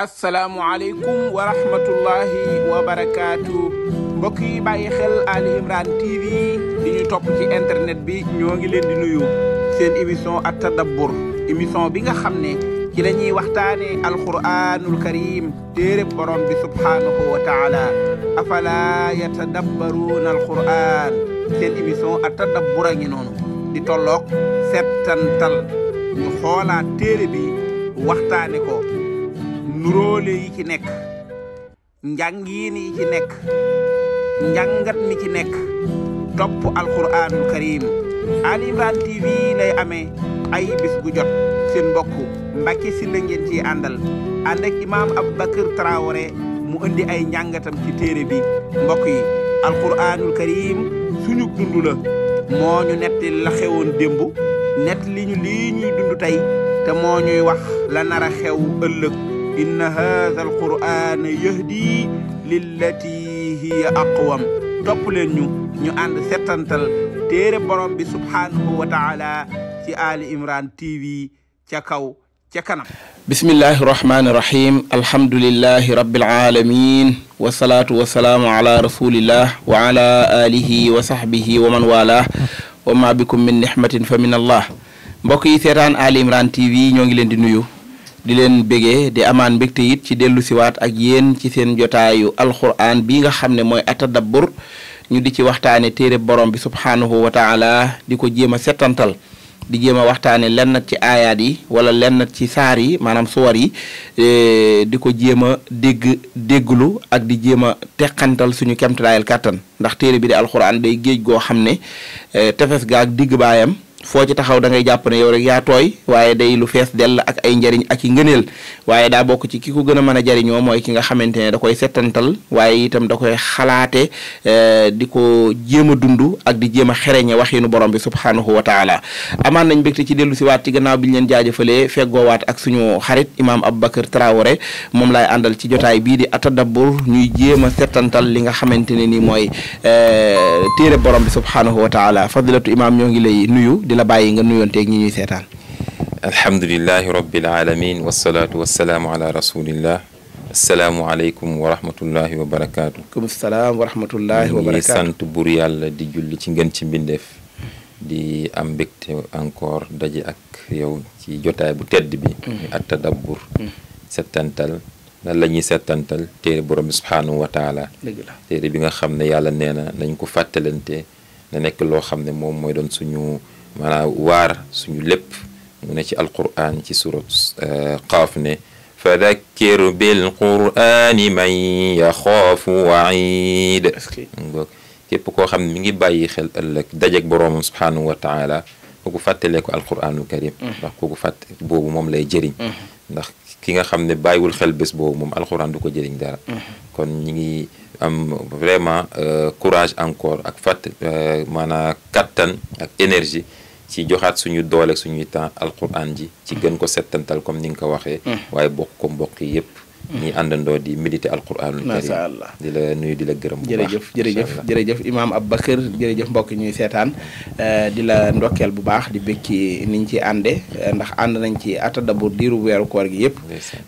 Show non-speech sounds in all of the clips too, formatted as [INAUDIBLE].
asalaamualeykum wa rahmatullahi wa barakaatu mbokk yi xel Ali Imran TV di ñu ci internet bi ñoo ngi leen di nuyu seen émission at tadabbur émission bi nga xam ne ci la ñuy waxtaane alquranul karim téereb borom bi subhaanahu wa taala afala yatadabbaruuna alquran seen émission at tadabbur a ngi noonu di tolloog settantal ñu xoolaat téere bi waxtaane ko nuróole yi ci nekk njàngiin yi ci nekk njàngat mi ci nekk topp alquranul karim Ali Imran TV lay ame ay bis gu jot seen mbokk Mbacke Sylla ci ciy àndal ànd ak imaam Aboubacar mu indi ay njàngatam ci téere bi mbokk yi alquranul karim suñu dund la moo ñu netti la xewoon démb nett li ñu lii ñuy dund tey te moo ñuy wax la nar a xew ëllëg inna haadha alqur'ana yahdi lillati hiya aqwam topp leen ñu ñu ànd settantal téere borom bi subhaanahu wa taala ci Ali Imran TV ca kaw ca kanam bismillahi rahmaani rahim alhamdulillahi rabbil alamin wasalaatu wasalaamu ala rasulillah wa ala alihi wa sahbihi wa man walah wa ma bikum min nihmatin fa min allah mbokk yi seetaan Ali Imran TV ñoo ngi leen di nuyu di leen bégee di amaan mbégte it ci dellu siwaat ak yéen ci seen jotaayu alxuraan bi nga xam ne mooy atadabbur ñu di ci waxtaane téere borom bi subhaanahu wa taala di ko jéem a settantal di jéem a waxtaane lennat ci aayaat yi wala lennat ci saar yi maanaam suwar yi e, di ko jéem a dégg dégglu ak di jéem a teqantal suñu kemtalaayal kàttan ndax téere bi di alxuraan day géej goo xam ne e, tefes ga ak digg baayam foo ci taxaw dangay ngay jàpp ne yow rek yaa tooy waaye day lu fees dell ak ay njariñ ak i ngëneel waaye daa bokk ci ki ko gën a mën a jariñoo mooy ki nga xamante ne da koy settantal waaye itam da koy xalaate eh, di ko jéem a dund ak di jéem a xereñe waxinu borom bi subhaanahu wa taala amaan nañ mbégte ci dellu si ci gannaaw bi ñu leen jaajëfalee feggoowaat ak suñu xarit imaam Aboubacar Traoré moom laay àndal ci jotaay bii di atadabour ñuy jéem a settantal li nga xamante ne ni mooy eh, téere borom bi subhaanahu wa taala fadilatu imaam ñoo ngi lay nuyu di la bàyyi nga nuyonteeg ñi ñuy seetaan. alhamdulilah rabbil alamin wasalaatu wasalaamu ala rasulillah asalaamualeykum wa rahmatullahi wa barakaatu. waaleykum salaam wa rahmatullahi wa barakaatu. sant buur yàlla di julli ci ngën ci mbindeef. di am mbégte encore daje ak yow ci jotaay bu tedd bi. Mm. at tadabbur. Mm. settantal lan la ñuy settantal téere borom bi subhaanahu wa taala. dëgg la téere bi nga xam ne yàlla nee na nañ ko fàttalante na nekk loo xam ne moom mooy doon suñu. maanaam waar suñu lépp mu ne ci alquran ci surat euh, qaaf ne fadakkir bil qurani man yaxaafu waid képp koo xam ne mi ngi bàyyi xel ëllëg dajeg boroomam subhaanahu wa taala kooku fàttalee ko alquranul karim mm-hmm. ndax kooku fàtte boobu moom lay jëriñ mm-hmm. ndax ki nga xam ne bàyyiwul xel bés boobu moom alquran du ko jëriñ dara mm-hmm. kon ñi ngi am vraiment euh, courage encore ak fàtt euh, maanaam kattan ak énergie ci joxaat suñu doole suñuy temps alquran ji ci gën ko setantal comme ni nga ko waxee mm. waaye bokk ko mbokk yépp ñi àndandoo di méditer alquranul karim macha allah di la nuyu di la gërëm bu baax jërëjëf jërëjëf jërëjëf imaam Aboubacar jërëjëf mbokk ñuy seetaan euh, di la ndokkeel bu baax di bëgg ci niñ ci ànde euh, ndax ànd nañ ci atadabur diiru weeru koor gi yëpp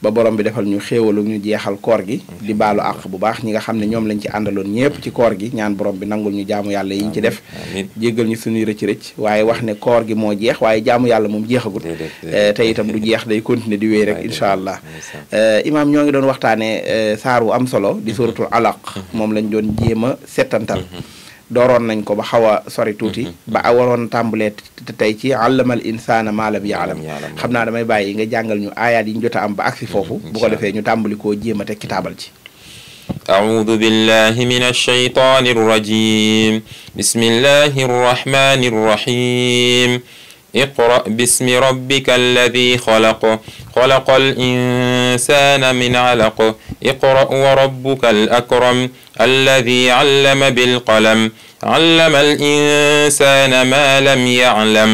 ba borom bi defal ñu xéewalu ñu jeexal koor gi di baalu àq bu baax ñi nga xam ne ñoom lañ ci àndaloon ñëpp ci koor gi ñaan borom bi nangul ñu jaamu yàlla yiñ ci def jéggal ñu suñuy rëcc rëcc waaye wax ne koor gi moo jeex waaye jaamu yàlla moom jeexagul euh, te itam du jeex day continuer di wéy rek incha allah imaam ngi doon waxtaanee euh, saar wu am solo di mhm. suratul alaq mhm. moom lañ doon jéem a settantal mhm. dooroon nañ ko ba xaw a sori tuuti ba waroon tàmbalee tey ci àllamal insaana maalam yaalam xam naa damay bàyyi nga jàngal ñu aayaat yi ñu jot a am ba agsi foofu bu ko defee ñu tàmbali koo jéem a teg ci taabal ci أعوذ بالله من الشيطان الرجيم بسم الله اقرأ باسم ربك الذي خلق خلق الإنسان من علق اقرأ وربك الأكرم الذي علم بالقلم علم الإنسان ما لم يعلم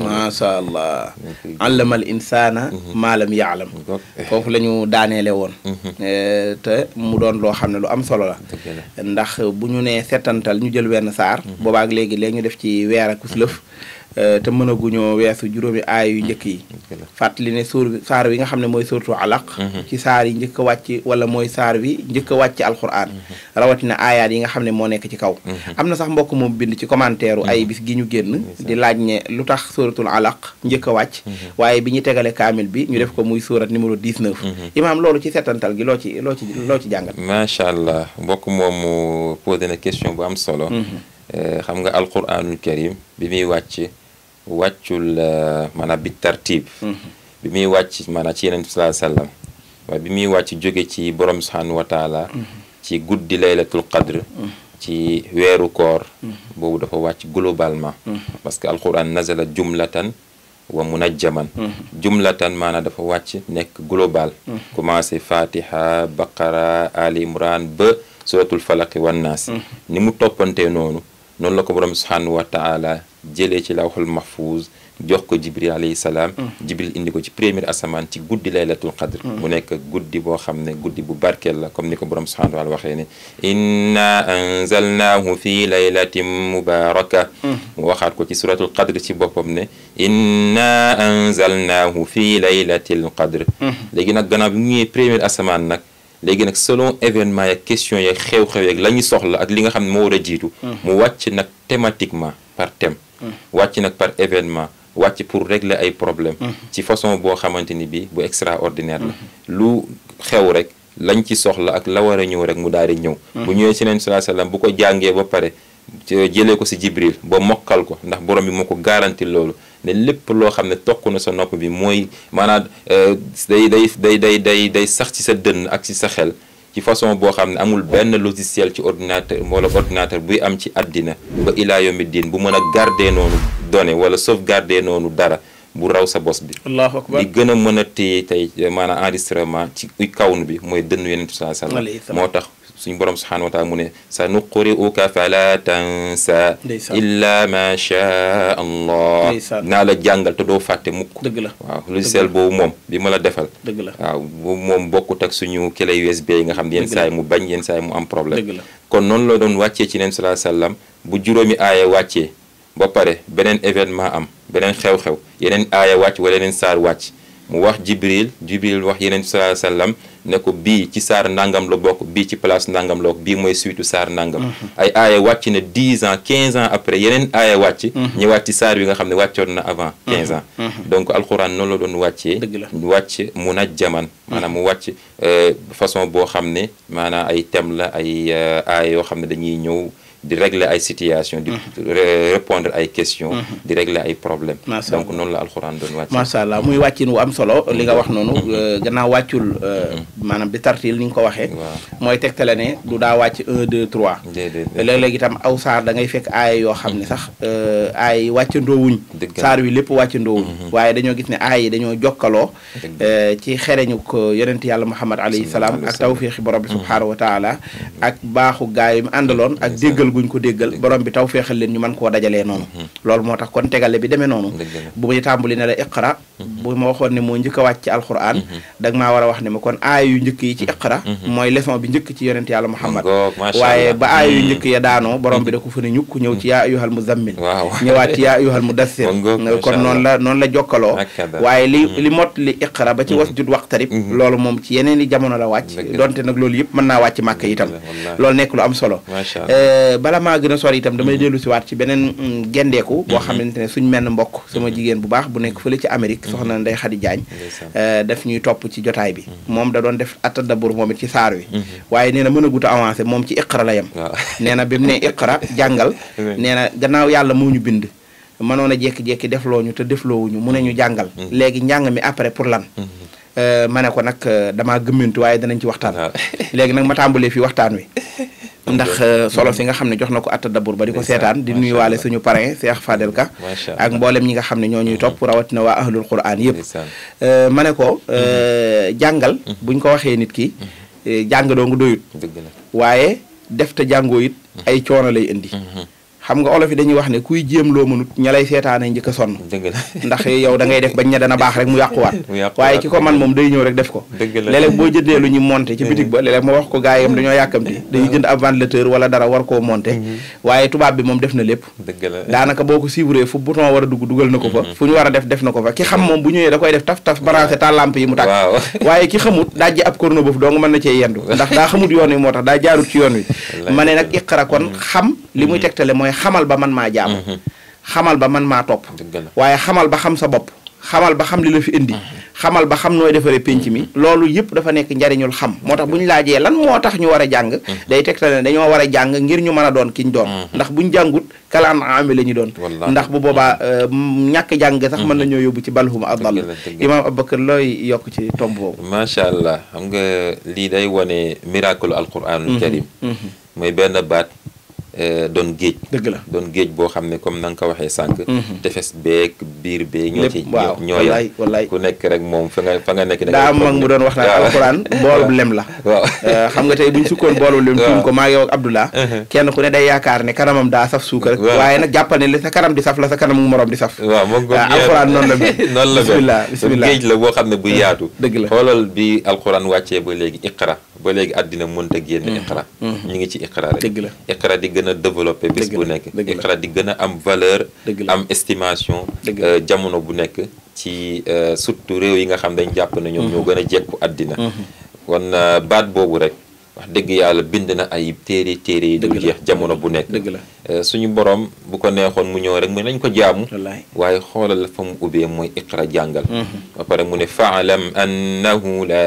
macha allah allamal insaana maalam yaalam foofu la ñu daaneele woon mm-hmm. eh, te mu doon loo xam ne lu am solo la ndax bu ñu nee setantal ñu jël wenn saar mm-hmm. boobaak léegi léegi ñu def ci weer ak lëf mm-hmm. Euh, te mënaguñoo weesu juróomi aay yu njëkk yi fàttali ne suur saar wi nga xam ne mooy suurtu alaq mhm. ci saar yi njëkk wàcc wala mooy saar wi njëkk a wàcc alquran mhm. rawatina aayaat yi nga xam ne moo nekk ci kaw mhm. am na sax mbokk moom bind ci commentaire ay bis gi ñu génn di laaj ne lu tax suuratul alaq njëkk wàcc waaye bi ñu tegale kaamil bi ñu def ko muy suurat numéro 19 imaam loolu ci setantal gi loo ci loo ci loo ci jàngat macha allah mbokk moomu posé na question bu am solo euh, xam nga alquranul karim bi muy wàcc wàccul eh, mana bi mm-hmm. bi muy wàcc maanaam ci yeneen sallallahu alayhi wasallam bi muy wàcc jóge ci borom subhanahu wa mm-hmm. ci guddi laylatul qadr mm-hmm. ci weeru koor boobu dafa wàcc globalement parce que alquran nazala jumlatan wa munajjaman jumlatan maanaam dafa wàcc nekk global commencé fatiha baqara ali imran ba suratul falaqi wannaas ni mu toppante noonu noonu la ko borom subhaanahu wa taala jëlee ci lawxul mahfuuz jox ko jibril alayhi salaam. Mm. jibril indi ko ci première asamaan ci guddi laylatul qadr mm. mu nekk guddi boo xam ne guddi bu barkeel la comme ni ko borom subhaanahu wa taala waxee ne inna anzalnaahu fi laylatin mubaraka mm. mu waxaat ko ci suratul qadr ci boppam ne inna anzalnaahu fi laylatil qadr léegi nag gannaaw bi mu ñëwee première asamaan nag léegi nag selon événement yeeg question yeeg xew-xew yeeg la soxla ak li nga xam ne moo war a jiitu. Hmm. mu wàcc nag thématiquement par thème. Hmm. wàcc nag par événement wàcc pour régler ay problème hmm. ci façon boo xamante ni bii bu extraordinaire la. lu xew rek lañ ci soxla ak la war a ñëw rek mu daal di ñëw. bu ñëwee si leen salaasalaam bu ko jàngee ba pare jëlee ko si Jibril ba mokkal ko ndax borom bi moo ko garanti loolu. ne lépp loo xam ne tokk na sa nopp bi mooy maanaam euh, day day day day day day sax ci sa dënn ak ci sa xel ci façon boo xam ne amul benn logiciel ci ordinateur wala ordinateur buy am ci àddina ba ilaa yomi diin bu mën a garder noonu données wala sauvegarder noonu dara bu raw sa bos bi. allahu akbar li gën a mën a téye tey maanaam enregistrement ci kawnu bi mooy dënn yeneen sallallahu alayhi wa sallam moo tax. suñu borom subhanahu wa taala mu ne sa nuqri'uka fala tansa illa ma sha allah naa la jàngal te doo fàtte mukk dëgg la waaw boobu moom bi ma la defal dëgg la boobu moom bokkut ak suñu clé USB yi nga xam ne yenn saa mu bañ yenn saa mu am problème dëgg la kon noonu la doon wàccee ci neen sallallahu alayhi wasallam bu juróomi aaya wàccee ba pare beneen événement am beneen xew-xew yeneen aaya wàcc wala yeneen saar wàcc mu wax jibril jibril wax yeneen sallallahu alayhi wasallam ne ko bii ci saar nangam la bokk bii ci place nangam la bokk bii mooy suitu saar nangam. ay aaya wàcc na dix ans quinze ans après yeneen aaya wàcc. ñu wàcc saar bi nga xam ne wàccoon na avant. quinze ans donc alxuraan noonu la doon wàccee. wàcc mu na jaman maanaam mu wàcc euh, façon boo xam ne maanaam ay thème la ay euh, aaya yoo xam ne dañuy ñëw. di régler ay situation di mm-hmm. répondre ay question mm-hmm. di régler ay problèmes donc noonu la alxuraan doon wàcc macha muy wàccin wu am solo li nga wax noonu mm-hmm. euh, gannaaw wàccul euh, maanaam bi tartil ni nga ko waxee mooy tegtale ne du daa wàcc un deux trois léeg-léeg itam aw saar dangay fekk aaya yoo xam ne sax euh, aay wàccandoowuñ saar wi lépp wàccandoowuñ waaye dañoo gis ne aay dañoo jokkaloo ci xereñu ko yonent yàlla muhammad alayhi salaam ak tawfiixi borom bi subhaanahu wa ak baaxu gaayum àndaloon ak guñ ko déggal borom bi taw feexal leen ñu mën koo dajalee noonu mm-hmm. loolu moo tax kon tegale bi demee noonu bu muy tàmbali ne mm-hmm. a wàcc ci alquran mm-hmm. da nga maa war a wax ne ma kon aaya njëkk yi ci iqra mooy leçon bi njëkk ci yonent yàlla muhammad waaye ba aaya njëkk ya daanoo borom bi da ko fa ne ñukk ñëw ci yaa ayyuhal muzammil ñëwaat ci yaa ayyuhal mudassir kon noonu la noonu la jokkaloo waaye li li li iqra ba ci wasjud waqtarib loolu moom ci yeneen i jamono la wàcc donte nag loolu yëpp mën naa wàcc màkk itam loolu nekk lu am solo bala maa gën a sori itam damay mhm. dellu si waat ci beneen mm, gendeeku boo mhm. xamante ne suñ menn mbokk sama mhm. jigéen bu baax bu nekk fële ci Amérique soxna Ndey Xadi Jaañ daf ñuy topp ci jotaay bi moom da doon def atadabour moom it ci saar wi waaye nee na mën a gut avancé moom ci iqra la yem [LAUGHS] nee na bi mu ne jàngal [LAUGHS] nee na gannaaw yàlla moo ñu bind mënoon a jekki-jekki loo ñu te defloowuñu mu ne ñu jàngal léegi njàng mi après pour lan euh, ma ne ko nag euh, damaa gëmmantu waaye danañ ci waxtaan [LAUGHS] léegi nag ma tàmbalee fii waxtaan wi ndax euh, solo mm-hmm. si nga xam ne jox na ko atta dabur ba di ko seetaan di nuyuwaale suñu parrain Cheikh Fadel Ka ak mboolem ñi nga xam ne ñoo ñuy mm-hmm. topp rawatina waa ahlul quran yëpp euh, ma ne ko mm-hmm. euh, jàngal buñ ko waxee nit ki jàng doo nga doyut waaye def te jàngoo it ay coono lay indi xam nga olof yi dañuy wax ne kuy jéem loo mënut ña lay seetaanee njëkk a sonn ndax yow da ngay def bañ ña dana baax rek [LAUGHS] mu yàquwaat waaye ki ko man moom day ñëw rek def ko léeg-léeg boo jëndee lu ñu monté ci bitig ba léeg-léeg moo wax ko gars yi am dañoo yàkkamti dañuy jënd ab ventilateur wala dara mm-hmm. def na lépp daanaka boo ko suivre fu bouton war a dugg dugal na ko fa mm-hmm. fu ñu war a def def na ko fa ki xam moom bu ñëwee da koy def taf taf branché ta lampe yi mu tàkk [LAUGHS] waaye ki xamut dajji ab korno boofu doo nga mën na cee yendu [LAUGHS] ndax daa xamut yoon wi moo tax daa jaarut ci yoon wi ma ne nag iqra kon xam li muy mhm. tegtale mooy xamal ba man maa jaamu. Mhm. xamal ba man maa topp. waaye xamal ba xam sa bopp. xamal ba xam li la fi indi. Mhm. xamal ba xam nooy defaree penc mi. loolu yëpp dafa nekk njariñul xam. moo tax bu ñu laajee lan moo tax ñu war a jàng. day tegtale dañoo war a jàng ngir ñu mën a doon ki ñu doon. ndax bu ñu jàngut kalaan aami la ñu doon. ndax bu boobaa euh, ñàkk jàng sax mën nañoo yóbbu ci balhum adal imaam Abubakar looy yokk ci tomb boobu. macha allah xam nga lii day wone miracle alquranul karim mooy benn baat. Euh, doon géej. dëgg la doon géej boo xam ne comme na nga ko waxee sànq. Mhm. tefes beeg biir beeg. ñoo ci ñoo wallaay ku nekk rek moom fa nga fa nga nekk. daa am mag mu doon wax naan alxuraan [LAUGHS] boolub lem la. waaw euh, xam nga tey bu sukkoon boolub lem. tuum ko maa ngi yow ak uh-huh. kenn ku ne day yaakaar ne kanamam daa saf suukar. waaw waaye na jàppal ne li sa kanam di saf la sa kanam mu morom di saf. waaw moom góob euh, alxuraan noonu la mel. [LAUGHS] noonu la mel bisimilah bisimilah géej la boo xam ne bu yaatu. dëgg la xoolal bi alxuraan wàccee ba léegi iqra ba léegi àddina mënta génn mm-hmm. iqra mm-hmm. ñu ngi ci iqra gën développé bis bu nekk Iqra di gën a am valeur am estimation euh, jamono bu nekk ci euh, surtout réew yi nga xam dañ jàpp ne ñoom mm-hmm. ñoo gën a jekku àddina mm-hmm. kon euh, baat boobu rek wax dëgg yàlla bind na ay téere téere yi du jeex jamono bu nekk dëgg la eh, suñu borom bu ko neexoon mu ñëw rek mu nañ ko jaamu waaye xoolal la fa mu ubbee mooy iqra jàngal mhm. ba pare mu ne faalam annahu la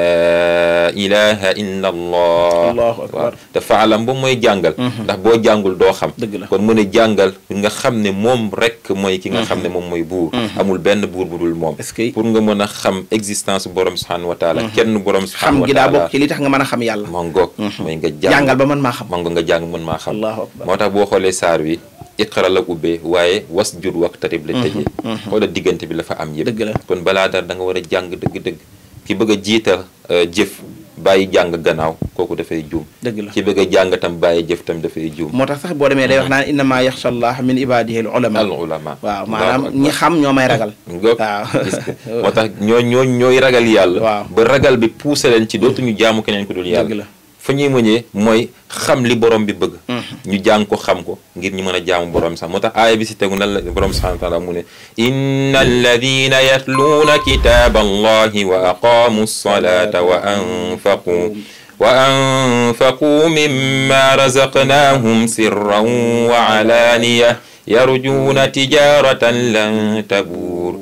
ilaha illa allah waaw te faalam ba mooy jàngal mhm. ndax boo jàngul doo xam kon mu ne jàngal nga xam ne moom rek mooy ki nga mhm. xam ne moom mooy buur amul benn buur bu dul moom pour nga mën a xam existence borom subhanahu wa taala kenn borom subhanahu wa taala xam gi daa bokk tax nga mën a xam yàlla moo ngoog Mhm. mooy nga jàngal ba mën maa xam mango nga jàng mën maa xam moo tax boo xoolee saar wi iqra la ubbee waaye was jur waqtarib la mhm. tëjee mhm. xoola diggante bi la fa am yëpp kon balaa dara danga nga war a jàng dëgg-dëgg ki bëgg a jiital euh, jëf bàyyi jàng gannaaw kooku dafay juum dëgg la ki bëgg a jàng tam bàyyi jëf tam dafay juum moo tax sax boo demee day wax naan innama yaxsha allah min ibadihi al ulama al ulama waaw maanaam ñi xam ñoo may ragal [LAUGHS] waaw [LAUGHS] moo tax ñoo ñoo ñooy ragal yàlla ba ragal bi poussé leen ci dootuñu jaamu keneen ku dul yàlla fa ñuy mëñee mooy xam li borom bi bëgg mm-hmm. ñu jàng ko xam ko ngir ñu mën a jaamu borom sax moo tax aaya bi si tegu nan la borom subhanahu wa taala mu ne inna alladina yatluuna kitaaba allahi wa aqaamu salata wa anfaqu wa anfaquu mimma razaqnaahum sirran wa alaaniya yarjuuna tijaratan lan tabuur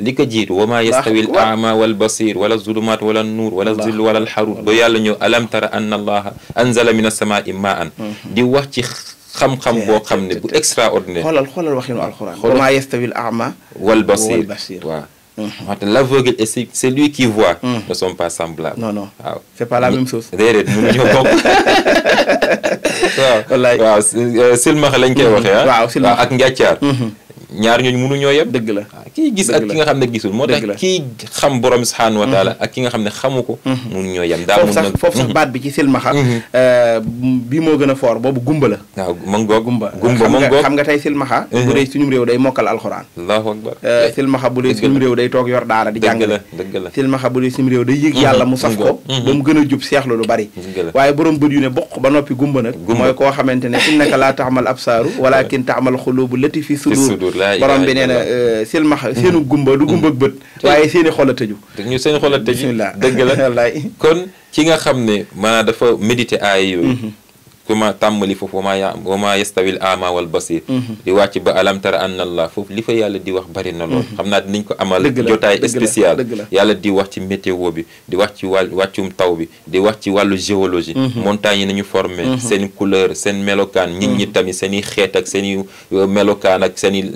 li ko jiitu wa maa yastawi al ama wal basir wala zulumat wala nuur wala zil wala alxarut ba yàlla ñëw alam tara anna allaha anzala min asamaai maan mhm. di wax ci xam-xam boo xam ne bu extraordinaire xoolal xoolal waxinu alquran wa maa yastawi al ama wal basir waaw wante mhm. l'aveugle et celui qui voit mhm. ne sont pas semblables non non waaw c'est pas la même chose déedéet mënuñoo bokk [LAUGHS] waaw wallaay waaw silmaxa lañ koy waxee ah waaw ak njàccaar ñaar ñooñu mënu ñoo yem. dëgg la ah, kii gis ak ki nga xam ne gisul moo tax kii xam borom subhaanahu wa mm-hmm. taala ak ki nga xam ne xamu ko mm-hmm. mënu ñoo yem foofu sax mm-hmm. baat bi ci silmaxa euh, bi moo gën a foor boobu gumba la waaw man goog gumba gumba man goog xam nga tey silmaxa bu dee suñu réew day mokkal alxuraan allahu akbar euh, silmaxa bu dee suñu réew day toog yor daara di jàngale dëgg la silmaxa bu dee suñu réew day yëg yàlla mu saf ko ba mu gën a jub seexlu lu bari waaye borom bët yu ne bokk ba noppi gumba nag mooy koo xamante ne innaka laa taxmal absaaru [LAUGHS] walakin taxmal xulubu lati fi sudur borom bi nee na euh, silmaxa seenu gumba du gumba bët [LAUGHS] waaye seeni i xol a tëju ñu seen i xol a tëju dëgg la [LAUGHS] kon ci nga xam ne maanaam dafa médité aay yooyu mhm. kuma tàmmali foofu wa maa ya wa maa yastawil ama wal basir mhm. di wàcc ba alam tara allah foofu li fa yàlla di wax bari na lool mhm. xam naa dinañ ko amal jotaay spécial yàlla di wax ci météo bi di wax ci wàll wàccum taw bi di wax ci wàllu géologie mhm. montagnes yi nañu formé seen couleur seen melokaan nit ñi tamit seen i xeet ak seen euh, melokaan ak seen i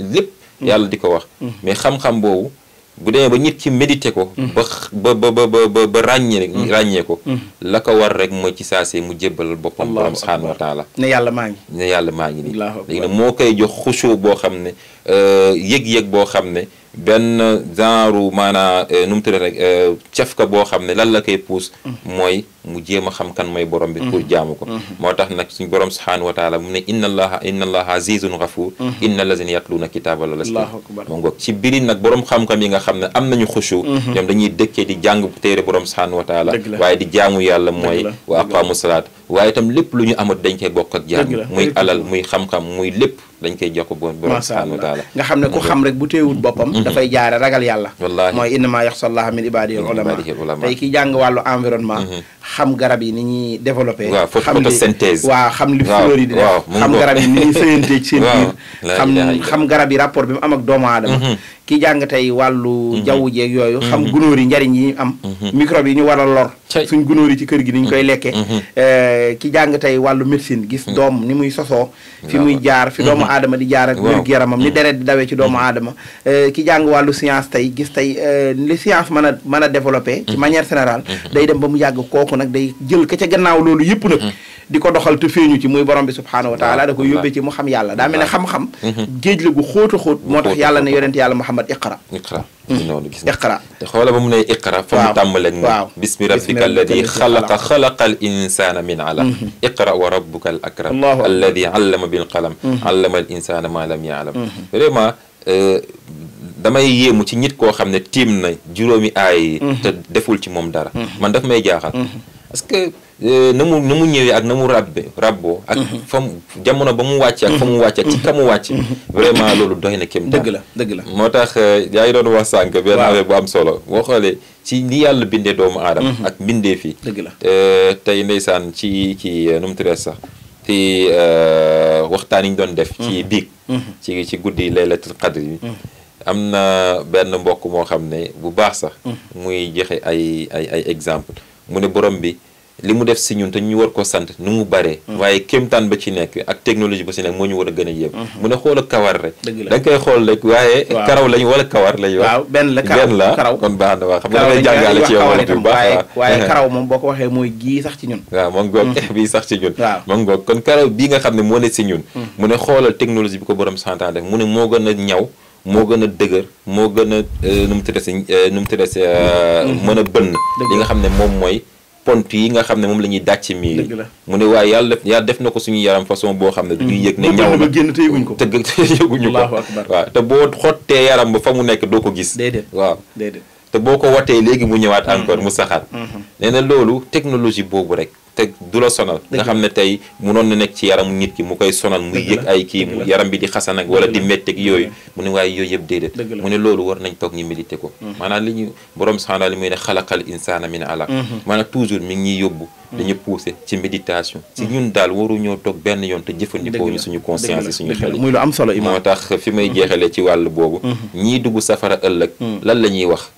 yàlla di ko wax mais xam-xam boobu bu demee ba nit ki médité ko. Mm. ba ba ba ba ba ràññee mm. ràññee ko. Mm. la ko war rek mooy ci saa saasee mu jébbal boppam. borom subhaanahu wa taala ne yàlla maa ngi. yàlla maa ngi nii. léegi nag moo koy jox xusu boo xam ne euh, yëg-yëg boo xam ne benn genre maanaa euh, nu mu tudd rek euh, cafka boo xam ne lan la koy puus. mooy. mu jéem a xam kan mooy borom bi pour mm-hmm. jaamu ko mm-hmm. moo tax nag suñ borom subhaanahu wa taala mu ne inna allaha inna allaha azizun ghafuur mm-hmm. inna lazina yatluuna kitaaba la lasta mu ngoog ci biri nag borom xam-xam yi nga xam ne am nañu xushu ñoom dañuy dëkkee di jàng téere borom subhaanahu wa taala waaye di jaamu yàlla mooy wa aqaamu salaat waaye itam lépp lu ñu amat dañ koy bokk ak jaam muy alal muy xam-xam muy lépp dañ koy jox ko borom subhaanahu wa taala nga xam ne ku xam rek bu téewul boppam dafay jaare ragal yàlla wallaahi mooy innamaa yaxsallaaha min ibaadihi ulamaa tey ki jàng xam garab yi ni ñuy développé. waaw photosynthèse waaw xam li fleur yi di def xam garab yi ni ñuy [LAUGHS] xam garab yi rapport bi mu am ak doomu aadama. Mhm. ki jàng tey wàllu mhm. jaww jeeg yooyu xam mhm. gunóor yi njariñ yi ñu am microbe yi ñu war a lor suñ gunóor yi ci kër gi ni ñu koy lekkee eh, ki jàng tey wàllu médecine gis doom ni muy sosoo fi muy jaar fi doomu aadama di jaar ak wér-gu-yaramam ni deret di dawee ci doomu aadama eh, ki jàng wàllu science tey gis tey eh, li science mën a mën a développé ci manière générale day dem nag day jël ka ca gannaaw loolu yëpp nag hmm. di ko doxal te feeñu ci muy borom bi subhaanahu wa taala da ko yóbbee ci mu xam yàlla daa mel ne xam-xam hmm. géej la gu xóot a xóot moo tax yàlla ne yonent yàlla muhammad iqra iqra hmm. noonu gis iqra te xoola ba mu ne iqra fa mu tàmbalee waaw bismi rabbika alladi xalaqa xalaqa al insana min alaq iqra wa rabbuka al akram alladi allama bil qalam allama al insana ma damay yéemu ci nit koo xam ne tiim na juróomi aay mhm. te deful ci moom dara mhm. man daf may jaaxal mhm. parce que euh, na mu na mu ñëwee ak na mu rabbe rabboo ak fa mu jamono ba mu wàcc ak fa mu wàcce ak ci ka mu wàcc vraiment loolu doy na kéem dëgg la dëgg la moo tax euh, yaa ngi doon wax sànq benn affaire bu am solo boo xoolee ci li yàlla bindee doomu aadama ak bindee fii dëgg la euh, tey ndeysaan ci ci nu mu tuddee sax ci waxtaan yi ñu doon def ci biig ci ci guddi laylatul qadr bi am na benn mbokk moo xam ne bu baax sax. Mm. muy joxe ay ay ay exemple mu ne borom bi li mu def si ñun te ñu war ko sant nu mu baree. Mm. waaye kéemtaan ba ci nekk ak technologie ba ci nekk moo ñu gën a yéem. Mm-hmm. xool ak rek. dëgg la da nga xool rek waaye. karaw lañ wala kawar lañ. waaw benn la karaw kon baax na waaw xam nga dafay jàngale ci yow. wala bu baax waaye [LAUGHS] karaw moom boo ko waxee mooy gii sax ci ñun. waaw ma ngoog mm. [LAUGHS] bii sax ci ñun. waaw ma ngoog kon karaw bii nga xam ne moo ne si ñun. mu ne xoolal technologie bi ko borom santaan def mu ne moo gën a ñaw moo gën a dëgër moo gën a euh, nu mu tëddee euh, nu mu tëddee euh, mm-hmm. mën a bënn li nga xam ne moom mooy pont yi nga xam ne moom la ñuy dàcc mii yi mu ne waaye yàlla def def na ko suñu yaram façon boo xam ne du ñuy mm-hmm. yëg ne ñaw na génn te yëguñ ko tëgg [LAUGHS] te yëguñu ko waaw te boo xottee yaram ba fa mu nekk doo ko gis déedéet waaw déedéet te boo ko watee léegi mu ñëwaat mm-hmm. encore mu saxaat nee na loolu technologie boobu rek teg du la sonal nga xam ne tey munoon na nekk ci yaram nit ki mu koy sonal mu yëg ay kii mu yaram bi di xasan ak wala di métteeg yooyu mu ne waaye yooyu yëpp déedéet mu ne loolu war nañ toog ñu milité ko mm. maanaam li ñu borom subhaanahu li muy ne xalaqal insaana min alaq mm-hmm. maanaam toujours mi ngi ñuy yóbbu mm-hmm. dañu poussé ci méditation ci mm-hmm. ñun daal waruñoo ñoo toog benn yoon te jëfandikoo ñu suñu conscience yi suñu xel muy lu am solo moo tax fi may jeexalee ci wàll boobu ñii dugg safara ëllëg lan la ñuy wax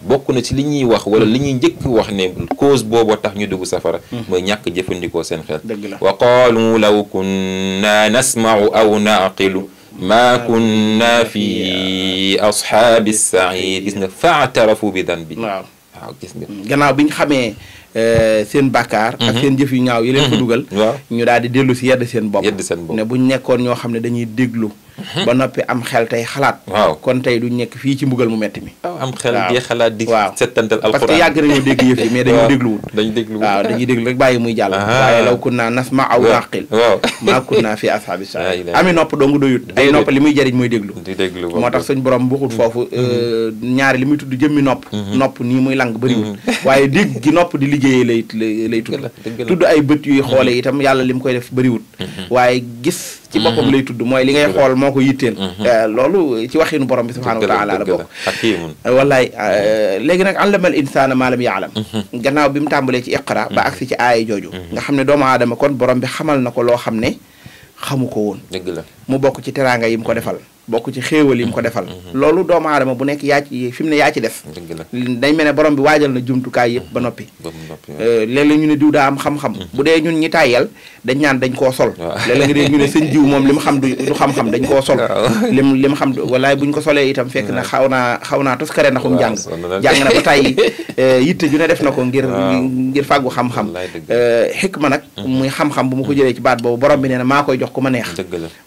bokk na ci li ñuy wax wala li ñuy njëkk wax ne cause booboo tax ñu dugg safara hmm. mooy ñàkk jëfandikoo seen xel wa qaalu law kunna nasma'u aw naaqilu maa kunna fi ashaabi sair gis nga faatarafu bi dan bi waaw waaw gis nga hmm. gannaaw bi ñu xamee euh, seen bakkaar ak hmm. seen jëf yu ñaaw yi leen ko dugal waaw ñu daal di dellu si yedd seen bopp yedd seen bopp ne buñ nekkoon ñoo xam ne dañuy déglu [LAUGHS] ba noppi am xel tey xalaat. kon tey du nekk fii ci mbugal mu metti mi. am xel di xalaat di. waaw settantal alxuraan parce que yàgg nañoo dégg yëf yi mais dañoo [LAUGHS] dégluwul. dañu dégluwul waaw dañuy déglu muy jàll. waaye law kun naa ma aw naqil. waaw maa kun naa fi ashaabi [LAUGHS] saa ami nopp dong doyut li muy jariñ mooy déglu. di déglu moo tax suñ borom buxut mm-hmm. foofu euh, mm-hmm. ñaari li muy tudd jëmmi nopp. Mm-hmm. nopp nii muy lang bëriwul. waaye dégg gi nopp di liggéeyee lay lay tudd. tudd ay bët yuy xoole itam yàlla li mu koy def bëriwul waaye gis ci boppam mhm. lay tudd mooy li ngay xool moo ko yitteel mhm. eh, loolu ci waxinu borom bi subhaanahu wa taala la bokk eh, wallaay eh, léegi nag allama al insaana maa lam yaalam mhm. gannaaw bi mu tàmbalee ci iqra ba agsi ci aaya jooju nga xam ne doomu aadama kon borom bi xamal na ko loo xam ne xamu ko woon dëgg la mu bokk ci teraanga yi mu ko defal bokk ci xéewal yi mu ko mhm. defal mhm. loolu doomu aadama bu nekk yaa ci fi mu ne yaa ci def dañ mel ne borom bi waajal na jumtukaay yëpp ba mhm. noppi euh, léeg-léeg ñu ne diw daa am xam bu dee ñun ñi tàyyal dañ naan dañ koo sol ñu ne sëñ diw moom li mu xam du xam-xam dañ koo sol lim li mu xam walaay buñ ko solee itam fekk na xaw naa xaw naa toskare na xum jàng jàng na ba tàyyi [LAUGHS] euh, yitte ju na ko ngir ngir fàggu xam-xam euh, xikma nag muy xam-xam bu ma ko jëlee ci baat boobu borom bi na maa koy jox ku ma neex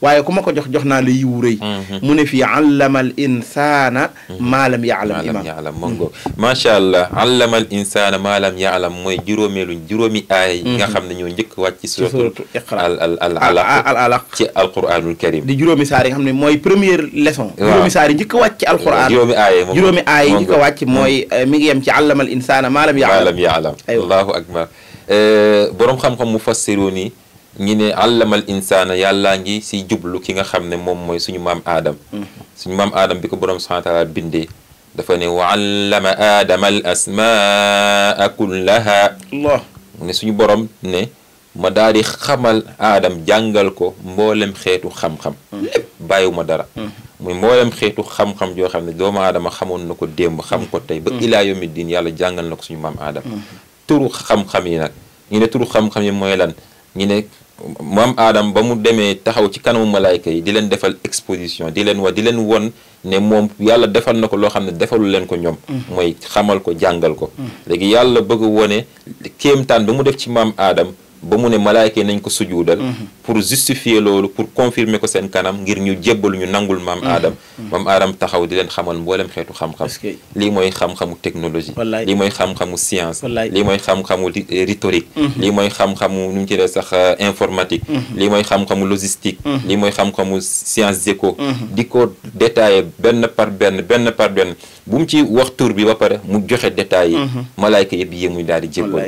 waaye ku ma ko jox jox naa la yiwu rëy mu ne fii allamal insaana mhm. maalam yaalam imaam yaalam mango macha allah allamal insaana maalam yaalam mooy juróomeelu juróomi aaya yi nga mhm. xam ne ñoo njëkk wàcc ci suratu al al al al alaq ci alquranul karim di juróomi saar yi nga xam ne mooy première leçon juróomi saar yi njëkk wàcc ci alquran juróomi aaya moom juróomi aaya yi njëkk wàcc mooy hmm. eh, mi ngi yem ci allamal insaana maalam yaalam maalam yaalam allahu akbar eh, borom xam-xam mu fassiru nii ñi ne àllamal insaana yàllaa ngi si jublu ki nga xam ne moom mooy suñu maam aadam mm-hmm. suñu maam aadam bi ko boroom subhaana taala bindee dafa ne wa allama aadama al asmaa kullaha ne suñu borom ne ma daal di xamal aadam jàngal ko mboolem xeetu xam-xam mm-hmm. lépp bàyyiwuma dara mooy mm-hmm. mboolem xeetu xam-xam joo xam ne doomu aadama xamoon na ko démb xam ko tey ba ilaa yomi diin yàlla jàngal na ko suñu maam aadam turu xam-xam yi nag ñu ne turu xam-xam yi mooy lan maam aadam ba mu demee taxaw ci kanamu malaayka yi di leen defal exposition di leen wax di leen won ne moom yàlla defal na ko loo xam ne defalu leen ko ñoom mm. mooy xamal ko jàngal ko mm. léegi yàlla bëgg wone kéemtaan bi mu def ci maam aadam ba mu ne malaayka yi nañ ko sujuudal mhm. pour justifier loolu pour confirmer ko seen kanam ngir ñu jébbalu ñu nangul maam aadam mhm. mhm. maam aadam taxaw di leen xamal mboolem xeetu xam-xam lii mooy xam-xamu technologie lii mooy xam-xamu science lii mooy xam-xamu eh, rhétorique lii mooy xam-xamu nu ci dee sax eh, informatique lii mooy xam-xamu logistique mooy xam-xamu science éco di ko détaillé benn par benn benn par benn bu mu ci wax tur bi ba pare mu joxe détails yi malaayka yëpp yéemuñ daal di jébbal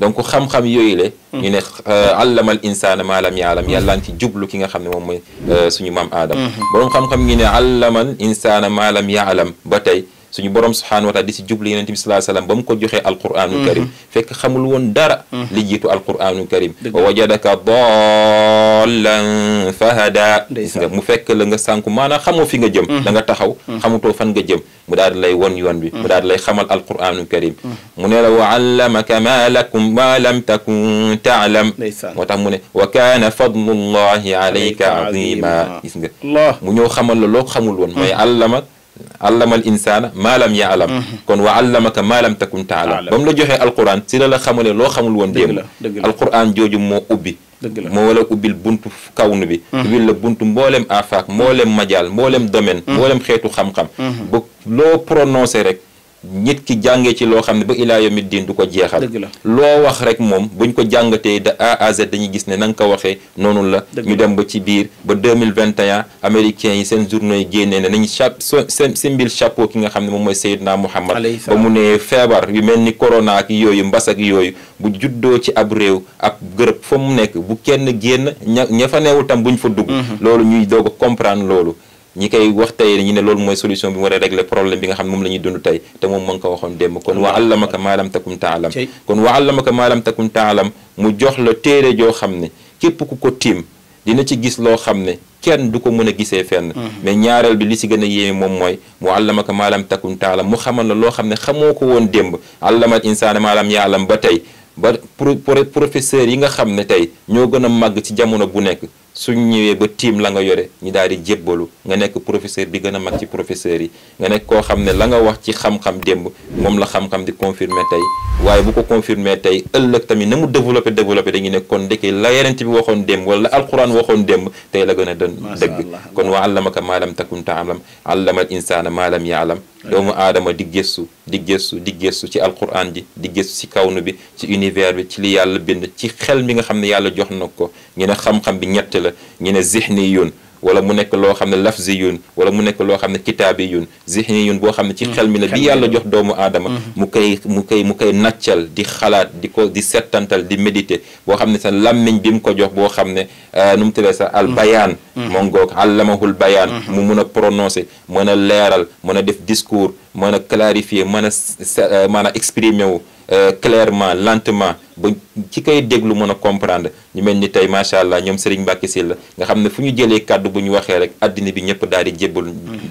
donc xam-xam yooyu le ñu ne euh, allamal insaana maa lam yaalam yàlla ngi ci jublu ki nga xam ne moom mooy euh, suñu maam aadam mm-hmm. boroom xam-xam ñu ne allamal insaana maa lam yaalam ba tey suñu borom subhanahu wa taala di si jublu yonent bi sallallahu alayhi wasallam ba mu ko joxee alquranul mm-hmm. karim fekk xamul woon dara mm-hmm. li jiitu alquranul karim wa wajadaka dallan fahada gis nga mu fekk la nga sànku maanaam xamoo fi nga jëm da mm-hmm. nga taxaw xamutoo fan nga jëm mu daal di lay won yoon bi mu daal di lay xamal alquranul karim mu ne la wa allamaka ma lakum ma lam takun taalam moo tax mu ne wa kaana fadlullahi alayka azima gis nga mu ñëw xamal la loo xamul woon mooy allamak allama al insana ma lam yaalam mhm. kon wa allamaka ma lam takun taalam ba mu la joxee alquran si la la xamalee loo xamul woon démb alquran jooju moo ubbi moo wala ubbil buntu kawnu bi mhm. ubbil la buntu mbooleem afaak mbooleem majaal mbooleem domaine mhm. mbooleem xeetu xam-xam ba loo prononcé rek nit ki jàngee ci loo xam ne ba ilaa yomi diin du ko jeexal loo wax rek moom buñ ko jàngatee de A à dañuy gis ne na nga ko waxee noonu la ñu dem ba ci biir ba deux mille 2021 américains yi seen journaux yi génnee ne nañ cha seen simbil chapeau ki nga xam ne moom mooy Seydina Muhammad ba mu ne feebar yi mel ni corona ak yooyu mbas yooyu bu juddoo ci ab réew ab gërëb fa mu nekk bu kenn génn ña ña fa neewul tam buñ fa dugg mm-hmm. loolu ñuy doog a comprendre loolu ñi koy wax tey ñi ne loolu mooy solution bi mu war a régler problème bi nga xam ne moom la ñuy dund tey te moom ma ngi ko waxoon démb kon wa allamaka maa lam takum taalam kon wa allamaka lam mu jox la téere joo xam ne képp ku ko tiim dina ci gis loo xam ne kenn du ko mën a gisee fenn mm-hmm. mais ñaareel li si gën a yéeme moom mooy mu àllamaka maalam takun taalam mu xamal la loo xam ne xamoo ko woon démb àllamal insaana maalam yaalam ba tey ba professeur yi nga xam ne tey ñoo gën a màgg ci jamono bu nekk suñ ñëwee ba tiim la nga yore ñu daal di jébbalu nga nekk professeur bi gën a mag ci professeurs yi nga nekk koo xam ne la nga wax ci xam-xam démb moom la xam-xam di confirmé tey waaye bu ko confirmé tey ëllëg tamit na mu développé développé dañuy ne kon ndeke la yeneen bi waxoon démb wala la alquran waxoon démb tey la gën a doon dëgg kon wa allamaka maa lam takun taalam allama al insaana maa lam yaalam doomu aadama di gëstu di gëstu di gëstu ci alquran ji di gëstu ci kawnu bi ci univers bi ci li yàlla bind ci xel mi nga xam ne yàlla jox na ko la ñu ne zihniyun wala mu nekk loo xam ne lafziyun wala mu nekk loo xam ne kitaabiyun zihniyun boo xam ne ci hmm. xel mi la bi yàlla jox doomu aadama hmm. mu kay mu koy mu koy naccal di xalaat di ko di settantal di méditer boo xam ne sa làmmiñ bi mu ko jox boo xam ne euh, nu mu tuddee sa al hmm. bayaan moo ngoog allamahul bayaan mu mun a prononcer mën a leeral mën a def discours mën a clarifier mën a euh, mën a exprimer wu Euh, clairement lentement ba ci koy déglu mën a comprendre ñu mel ni tey macha allah ñoom Serigne si la nga xam ne fu ñu jëlee kàddu bu ñu waxee rek addina bi ñëpp daal di jébbal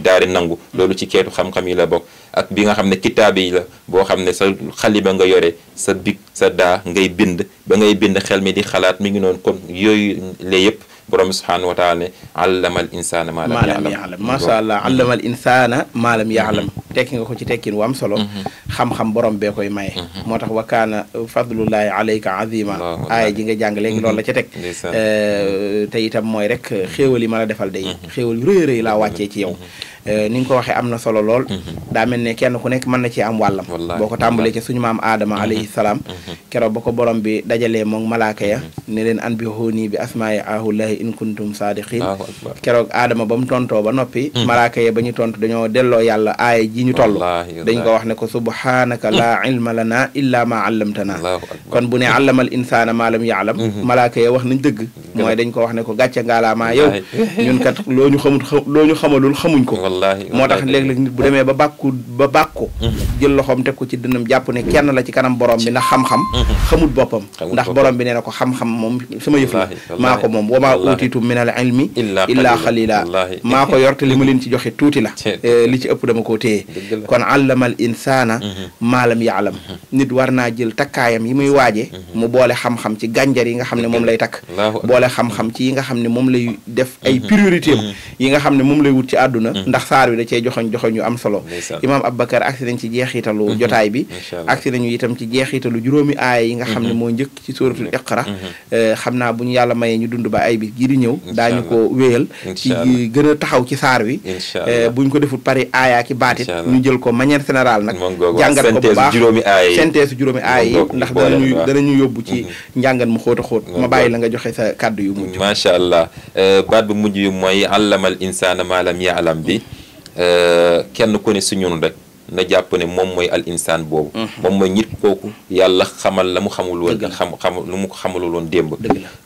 daal di nangu loolu ci keetu xam-xam yi la bokk ak bi nga xam ne kitaab yi la boo xam ne sa xalima nga yore sa big sa daa ngay bind ba ngay bind xel mi di xalaat mi ngi noonu kon yooyu la yëpp borom bi subhaanahu wa taala ne allama al insaana maa lam allah allama al insaana maa lam yaalam mhm. tekki nga ko ci tekkin wu am solo mhm. xam-xam borom bee koy maye mhm. moo tax wa kaana fadlullahi alayka azima aaya ji nga jàng léegi loolu la ca teg eh, te itam mooy rek xéewal yi ma la defal day xéewal yu rëy laa wàccee ci yow Euh, ni nga ko waxee am na solo lool mhm. daa mel ne kenn ku nekk mën na ci am wàllam boo ko tàmbalee ci suñu maam aadama mhm. alayhi salaam mhm. keroog ba ko boroom bi dajalee moom malaaka ne leen an bi hoonii bi asma asmaayi ahullahi in kuntum saadiqin keroog aadama ba mu tontoo ba noppi malaaka ya ba ñu tontu dañoo delloo yàlla aaya ji ñu toll dañ ko wax ne ko subhaanaka laa [LAUGHS] ilma lana illaa maa allamtana kon bu ne allamal insaana maa lam yaalam malaaka wax nañ dëgg mooy dañ ko wax ne ko gàcce ngaalaamaa yow ñun kat loo ñu xamul loo ñu xamuñ ko wallaahi moo tax léeg-léeg nit bu demee ba bàkku ba bàkku mhm. jël loxoom teg ko ci dënam jàpp ne kenn la ci kanam borom bi ndax xam-xam mhm. xamut boppam ndax borom bi nee na ko xam-xam moom sama yëf la maa ko moom wa maa uutitu min al ilmi illaa xalila maa ko yorte li ma leen ci joxe tuuti la [LAUGHS] eh, li ci ëpp dama koo téye kon allamal insaana mhm. maalam yaalam nit war naa jël takkaayam yi muy waaje mu boole xam-xam ci gànjar yi nga xam ne moom lay takk boole xam-xam ci yi nga xam ne moom lay def ay priorité yi nga xam ne moom lay wut ci àdduna ndax saar wi da cee joxoñ joxoñ am solo imaam Abubakar agsi nañ ci jeexitalu mhm. jotaay bi agsi nañu itam ci jeexitalu juróomi aaya yi nga xam ne mhm. moo njëkk ci suratul mhm. iqra eh, xam naa bu ñu yàlla mayee ñu dund ba ay bi gi di ñëw daañu ko wéyal ci gën a taxaw ci saar wi eh, buñ ko deful pare aaya ki baatit ñu jël ko manière générale nag jàngat ko bu baax synthèse juróomi aaya yi ndax danañu ñu yóbbu ci njàngat mu xóot a xóot ma bàyyi la nga joxe sa kàddu yu mujj macha allah eh, baat bu mujj yu mooy allamal insaana ma lam yaalam bi Euh, kenn ku ne si ñun rek na jàpp ne moom mooy al insaan boobu. Mhm. moom mooy nit kooku yàlla xamal la mu xamul xam lu mu ko démb.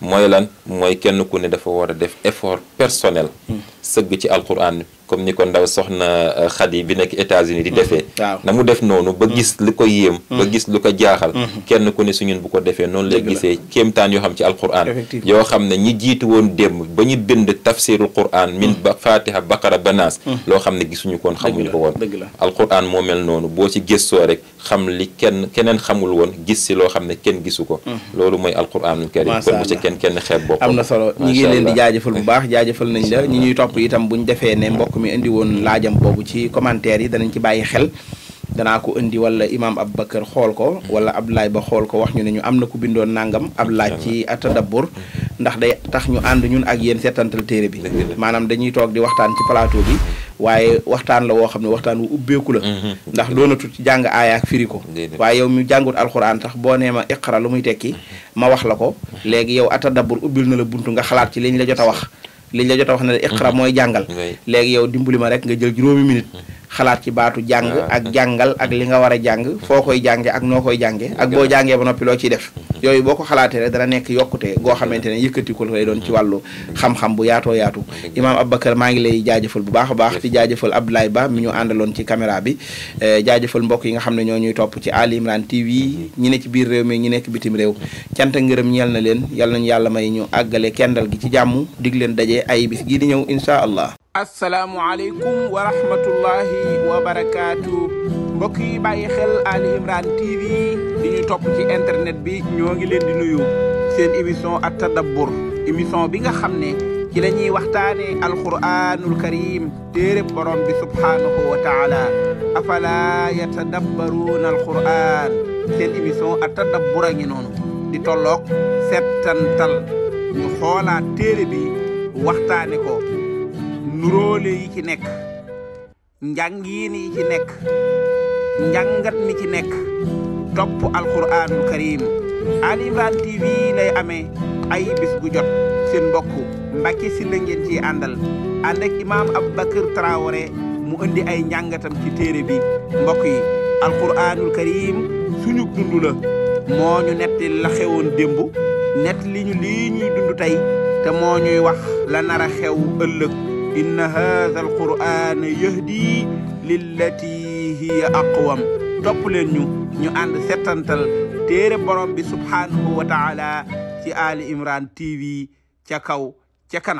mooy lan mooy kenn ku ne dafa war a def effort personnel. Mhm. sëgg ci alquran comme ni ko ndaw soxna Xadi euh, bi nekk États-Unis di mm-hmm. defee na mu def noonu ba gis mm-hmm. lu ko yéem ba mm-hmm. gis lu ko jaaxal kenn ku ne su ñun bu ko defee noonu lay gisee kéemtaan yoo xam ci al alquran yoo xam ne ñi jiitu woon démb ba ñu bind tafsirul quran min ba fatiha baqara banaas loo xam ne gisuñu koon xamuñu ko woon alquran moo mel noonu boo ci gëstoo rek xam li kenn keneen xamul woon gis si loo xam ne kenn gisu ko mm-hmm. loolu mooy alquranul karim kon bu ci kenn kenn xeeb bopp am na solo ñi ngi leen di jaajëfal bu baax jaajëfal nañ la ñi ñuy topp itam buñ defee ne mbokk mi indi woon laajam boobu ci commentaire yi danañ ci bàyyi xel danaa ko indi wala imaam Aboubacar xool ko wala Abdoulaye ba xool ko wax ñu ne ñu am na ku bindoon nangam ab laaj ci atadabour ndax day tax ñu ànd ñun ak yéen seetantal téere bi maanaam dañuy toog di waxtaan ci plateau bi waaye waxtaan la woo xam ne waxtaan wu ubbeeku la mm-hmm. ndax doonatut jàng aaya ak firi ko waaye yow mi jàngut alxuraan tax boo nee ma iqra lu muy tekki ma wax la ko mm-hmm. léegi yow atadabour ubbil na la bunt nga xalaat ci li la jot a wax li la jot wax ne iqra mm-hmm. mooy jàngal léegi yow dimbali rek nga jël juróomi minute xalaat ci baatu jàng ak jàngal ak li nga war a jàng foo koy jànge ak noo koy jànge ak boo jàngee ba noppi loo ciy def yooyu boo ko xalaatee rek dana nekk yokkute goo xamante ne yëkkatikoo lay doon ci wàllu xam bu yaatoo yaatu imaam Aboubacar maa ngi lay jaajëfal bu a baax di jaajëfal Abdoulaye Ba mi ñu àndaloon ci caméra bi eh, jaajëfal mbokk yi nga xam ne ñoo ñuy topp ci Ali Imran TV ñi ne ci biir réew mi ñi nekk bitim réew cant ngërëm ñeel na leen yal nañu yàlla may ñu àggale kendal gi ci jàmm dig leen daje ay bis gii di ñëw incha allah asalaamualeykum wa rahmatullahi wa barakaatu mbokk yi bàyyi xel Ali Imran TV di ñu topp ci internet bi ñoo ngi leen di nuyu seen émission at tadabbur émission bi nga xam ne ci la ñuy waxtaane alquranul karim téere borom bi subhaanahu wa taala afala yatadabbaruuna alquran seen émission at tadabbur a ngi noonu di tolloog settantal ñu xoolaat téere bi waxtaane ko nuróole yi ci nekk njàngiin yi ci nekk njàngat mi ci nekk topp alquranul karim Ali Imran TV lay amee ay bis gu jot seen mbokk Mbacke Sylla ngeen ciy àndal ànd ak imaam Aboubacar Traoré mu indi ay njàngatam ci téere bi mbokk yi alquranul karim suñu dund la moo ñu nett la xewoon démb nett li ñu lii ñuy dund tey te moo ñuy wax la nar a xew ëllëg inna hadha alquran yahdi lillati hiya aqwam topp leen ñu ñu ànd settantal téere borom bi subhanahu wa taala ci Ali Imran TV ca kaw ca kanam